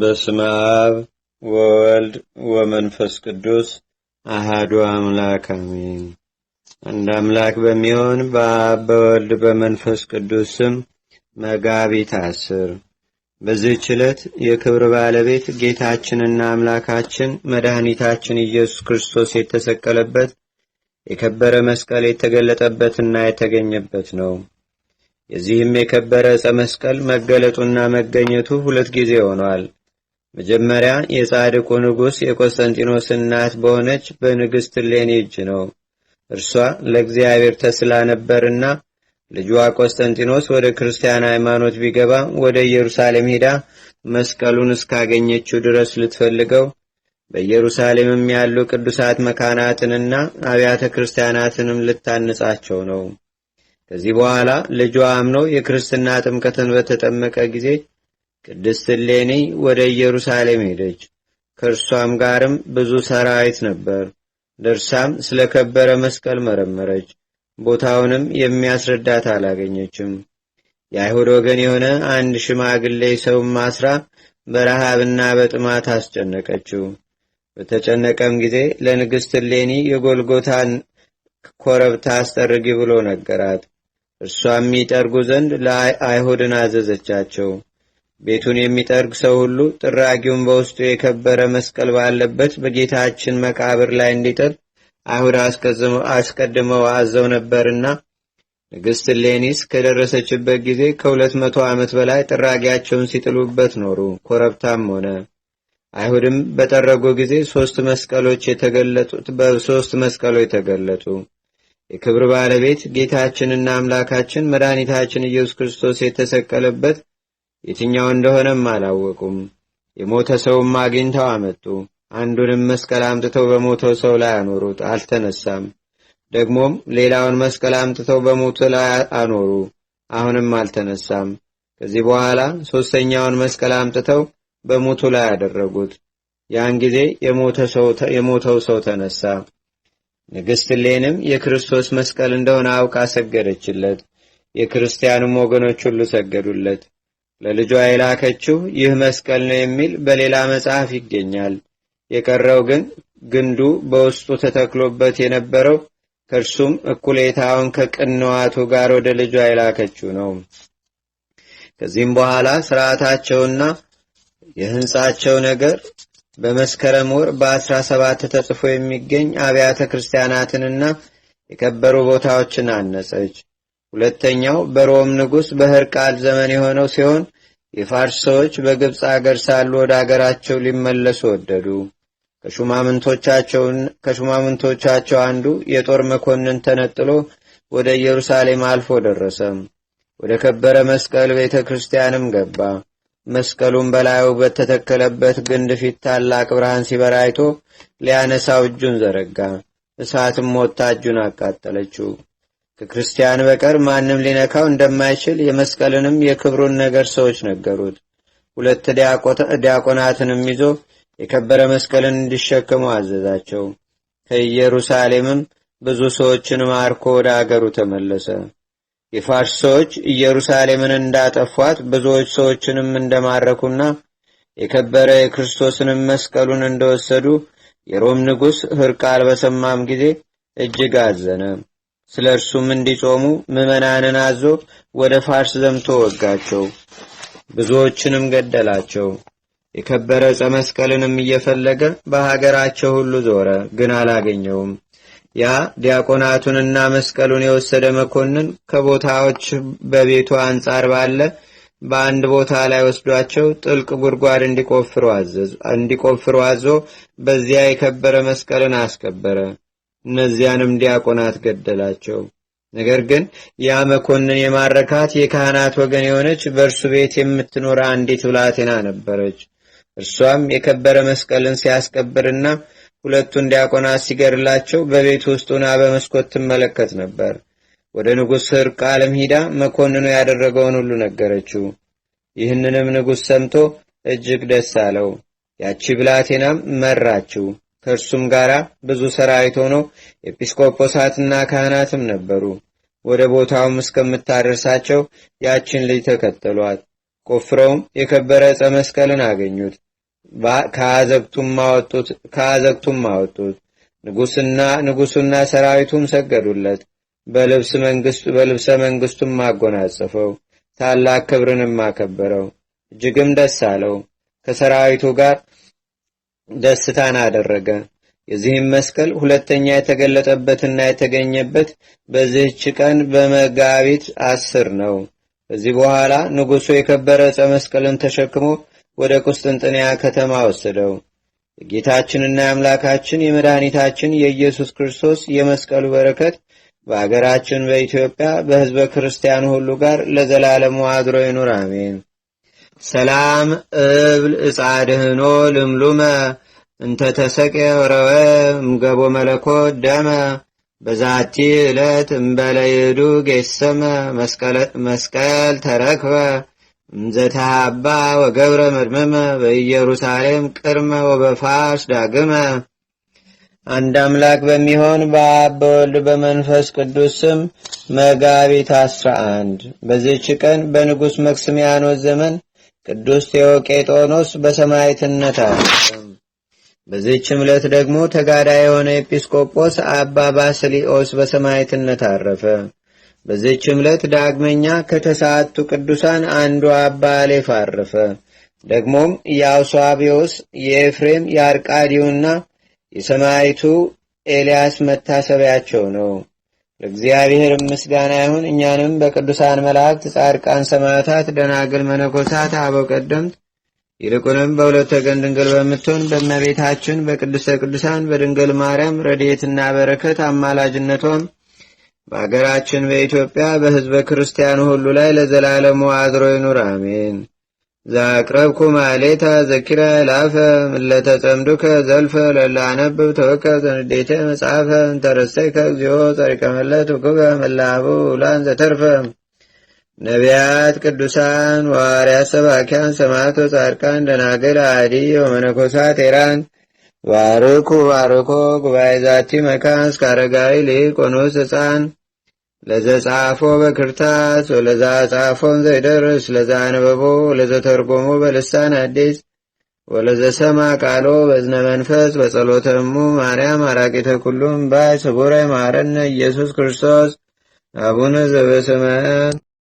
በስመ አብ ወወልድ ወመንፈስ ቅዱስ አህዱ አምላክ አሜን። አንድ አምላክ በሚሆን በአብ በወልድ በመንፈስ ቅዱስ ስም መጋቢት አስር በዚህች ዕለት የክብር ባለቤት ጌታችንና አምላካችን መድኃኒታችን ኢየሱስ ክርስቶስ የተሰቀለበት የከበረ መስቀል የተገለጠበትና የተገኘበት ነው። የዚህም የከበረ ዕፀ መስቀል መገለጡና መገኘቱ ሁለት ጊዜ ሆኗል። መጀመሪያ የጻድቁ ንጉሥ የቆስጠንጢኖስ እናት በሆነች በንግሥት ሌኒ እጅ ነው። እርሷ ለእግዚአብሔር ተስላ ነበርና ልጇ ቆስጠንጢኖስ ወደ ክርስቲያን ሃይማኖት ቢገባ ወደ ኢየሩሳሌም ሄዳ መስቀሉን እስካገኘችው ድረስ ልትፈልገው በኢየሩሳሌምም ያሉ ቅዱሳት መካናትንና አብያተ ክርስቲያናትንም ልታንጻቸው ነው። ከዚህ በኋላ ልጇ አምኖ የክርስትና ጥምቀትን በተጠመቀ ጊዜ ቅድስት ሌኒ ወደ ኢየሩሳሌም ሄደች። ከእርሷም ጋርም ብዙ ሰራዊት ነበር። ደርሳም ስለ ከበረ መስቀል መረመረች። ቦታውንም የሚያስረዳት አላገኘችም። የአይሁድ ወገን የሆነ አንድ ሽማግሌ ሰውም ማስራ በረሃብና በጥማት አስጨነቀችው። በተጨነቀም ጊዜ ለንግሥት ሌኒ የጎልጎታን ኮረብታ አስጠርጊ ብሎ ነገራት። እርሷም ይጠርጉ ዘንድ ለአይሁድን አዘዘቻቸው። ቤቱን የሚጠርግ ሰው ሁሉ ጥራጊውን በውስጡ የከበረ መስቀል ባለበት በጌታችን መቃብር ላይ እንዲጠር አይሁድ አስቀድመው አዘው ነበርና ንግሥት ሌኒስ ከደረሰችበት ጊዜ ከሁለት መቶ ዓመት በላይ ጥራጊያቸውን ሲጥሉበት ኖሩ። ኮረብታም ሆነ። አይሁድም በጠረጉ ጊዜ ሶስት መስቀሎች የተገለጡት በሶስት መስቀሎች ተገለጡ። የክብር ባለቤት ጌታችንና አምላካችን መድኃኒታችን ኢየሱስ ክርስቶስ የተሰቀለበት የትኛው እንደሆነም አላወቁም። የሞተ ሰውም አግኝተው አመጡ። አንዱንም መስቀል አምጥተው በሞተው ሰው ላይ አኖሩት፣ አልተነሳም። ደግሞም ሌላውን መስቀል አምጥተው በሞቱ ላይ አኖሩ፣ አሁንም አልተነሳም። ከዚህ በኋላ ሦስተኛውን መስቀል አምጥተው በሞቱ ላይ አደረጉት። ያን ጊዜ የሞተው ሰው ተነሳ። ንግሥት ሌንም የክርስቶስ መስቀል እንደሆነ አውቃ ሰገደችለት። የክርስቲያንም ወገኖች ሁሉ ሰገዱለት። ለልጇ የላከችው ይህ መስቀል ነው የሚል በሌላ መጽሐፍ ይገኛል። የቀረው ግን ግንዱ በውስጡ ተተክሎበት የነበረው ከእርሱም እኩሌታውን ከቅንዋቱ ጋር ወደ ልጇ የላከችው ነው። ከዚህም በኋላ ስርዓታቸውና የሕንፃቸው ነገር በመስከረም ወር በአስራ ሰባት ተጽፎ የሚገኝ አብያተ ክርስቲያናትንና የከበሩ ቦታዎችን አነጸች። ሁለተኛው በሮም ንጉሥ በህር ቃል ዘመን የሆነው ሲሆን የፋርስ ሰዎች በግብፅ አገር ሳሉ ወደ አገራቸው ሊመለሱ ወደዱ። ከሹማምንቶቻቸው አንዱ የጦር መኮንን ተነጥሎ ወደ ኢየሩሳሌም አልፎ ደረሰ። ወደ ከበረ መስቀል ቤተ ክርስቲያንም ገባ። መስቀሉን በላዩ በተተከለበት ግንድ ፊት ታላቅ ብርሃን ሲበራ አይቶ ሊያነሳው እጁን ዘረጋ። እሳትም ሞታ እጁን አቃጠለችው። ከክርስቲያን በቀር ማንም ሊነካው እንደማይችል የመስቀልንም የክብሩን ነገር ሰዎች ነገሩት። ሁለት ዲያቆናትንም ይዞ የከበረ መስቀልን እንዲሸክሙ አዘዛቸው። ከኢየሩሳሌምም ብዙ ሰዎችን ማርኮ ወደ አገሩ ተመለሰ። የፋርስ ሰዎች ኢየሩሳሌምን እንዳጠፏት ብዙዎች ሰዎችንም እንደማረኩና የከበረ የክርስቶስንም መስቀሉን እንደወሰዱ የሮም ንጉሥ ህርቃል በሰማም ጊዜ እጅግ አዘነ። ስለ እርሱም እንዲጾሙ ምዕመናንን አዞ ወደ ፋርስ ዘምቶ ወጋቸው፣ ብዙዎችንም ገደላቸው። የከበረ ዕፀ መስቀልንም እየፈለገ በሀገራቸው ሁሉ ዞረ፣ ግን አላገኘውም። ያ ዲያቆናቱንና መስቀሉን የወሰደ መኮንን ከቦታዎች በቤቱ አንጻር ባለ በአንድ ቦታ ላይ ወስዷቸው ጥልቅ ጉድጓድ እንዲቆፍሩ አዞ በዚያ የከበረ መስቀልን አስከበረ። እነዚያንም ዲያቆናት ገደላቸው። ነገር ግን ያ መኮንን የማረካት የካህናት ወገን የሆነች በእርሱ ቤት የምትኖር አንዲት ብላቴና ነበረች። እርሷም የከበረ መስቀልን ሲያስከብርና ሁለቱን ዲያቆናት ሲገድላቸው በቤት ውስጥ በመስኮት ትመለከት ነበር። ወደ ንጉሥ ሕርቃልም ሂዳ መኮንኑ ያደረገውን ሁሉ ነገረችው። ይህንንም ንጉሥ ሰምቶ እጅግ ደስ አለው። ያቺ ብላቴናም መራችው። ከእርሱም ጋር ብዙ ሰራዊት ሆኖ ኤጲስቆጶሳትና ካህናትም ነበሩ። ወደ ቦታውም እስከምታደርሳቸው ያችን ልጅ ተከተሏት። ቆፍረውም የከበረ ዕፀ መስቀልን አገኙት። ከአዘግቱም አወጡት። ንጉስና ንጉሱና ሰራዊቱም ሰገዱለት። በልብስ መንግስቱ በልብሰ መንግስቱም አጎናጸፈው። ታላቅ ክብርንም አከበረው። እጅግም ደስ አለው። ከሰራዊቱ ጋር ደስታን አደረገ። የዚህም መስቀል ሁለተኛ የተገለጠበትና የተገኘበት በዚህች ቀን በመጋቢት አስር ነው። ከዚህ በኋላ ንጉሱ የከበረ ዕፀ መስቀልን ተሸክሞ ወደ ቁስጥንጥንያ ከተማ ወሰደው። የጌታችንና የአምላካችን የመድኃኒታችን የኢየሱስ ክርስቶስ የመስቀሉ በረከት በአገራችን በኢትዮጵያ በሕዝበ ክርስቲያኑ ሁሉ ጋር ለዘላለሙ አድሮ ይኑር፣ አሜን። ሰላም እብል እጻድህኖ ልምሉመ እንተ ተሰቄ ወረወ እምገቦ መለኮት ደመ በዛቲ ዕለት እምበለ ይዱ ጌሰመ መስቀል ተረክበ እንዘተሃባ ወገብረ መድመመ በኢየሩሳሌም ቅድመ ወበፋሽ ዳግመ። አንድ አምላክ በሚሆን በአብ በወልድ በመንፈስ ቅዱስ ስም መጋቢት አስራ አንድ በዚች ቀን በንጉሥ መክስሚያኖስ ዘመን ቅዱስ ቴዎቄጦኖስ በሰማዕትነት አረፈ። በዚች ዕለት ደግሞ ተጋዳይ የሆነ ኤጲስቆጶስ አባ ባስሊኦስ በሰማዕትነት አረፈ። በዚህችም ዕለት ዳግመኛ ከተሳቱ ቅዱሳን አንዱ አባ አሌፍ አረፈ። ደግሞም የአውሳቢዎስ የኤፍሬም የአርቃዲውና የሰማይቱ ኤልያስ መታሰቢያቸው ነው። ለእግዚአብሔር ምስጋና ይሁን። እኛንም በቅዱሳን መላእክት፣ ጻድቃን፣ ሰማዕታት፣ ደናግል፣ መነኮሳት፣ አበው ቀደምት ይልቁንም በሁለት ወገን ድንግል በምትሆን በእመቤታችን በቅድስተ ቅዱሳን በድንግል ማርያም ረድኤትና በረከት አማላጅነቷም በአገራችን በኢትዮጵያ በሕዝበ ክርስቲያኑ ሁሉ ላይ ለዘላለሙ አድሮ ይኑር፣ አሜን። ዛቅረብኩ ማሌታ ዘኪራ ላፈ ምለተጸምዱከ ዘልፈ ለላነብብ ተወከ ዘንዴቴ መጽሐፈ እንተረሰይከ እግዚኦ ጸሪቀመለት ውክበ መላቡ ላን ዘተርፈ ነቢያት፣ ቅዱሳን፣ ዋርያ፣ ሰባኪያን፣ ሰማዕቶ፣ ጻድቃን፣ ደናግል፣ አዲ ወመነኮሳት ኤራን ዋርኩ ዋርኮ ጉባኤ ዛቲ መካን እስከ አረጋዊ ሊቆኖስ ሕፃን ለዘጻፎ በክርታስ ወለዛ ጻፎን ዘይደርስ ለዛ አንበቦ ለዘተርጎሞ በልሳን አዲስ ወለዘሰማ ቃሎ በዝነ መንፈስ በጸሎተሙ ማርያም አራቂተ ኩሉም ባይ ስቡረ ማረነ ኢየሱስ ክርስቶስ አቡነ ዘበሰማያት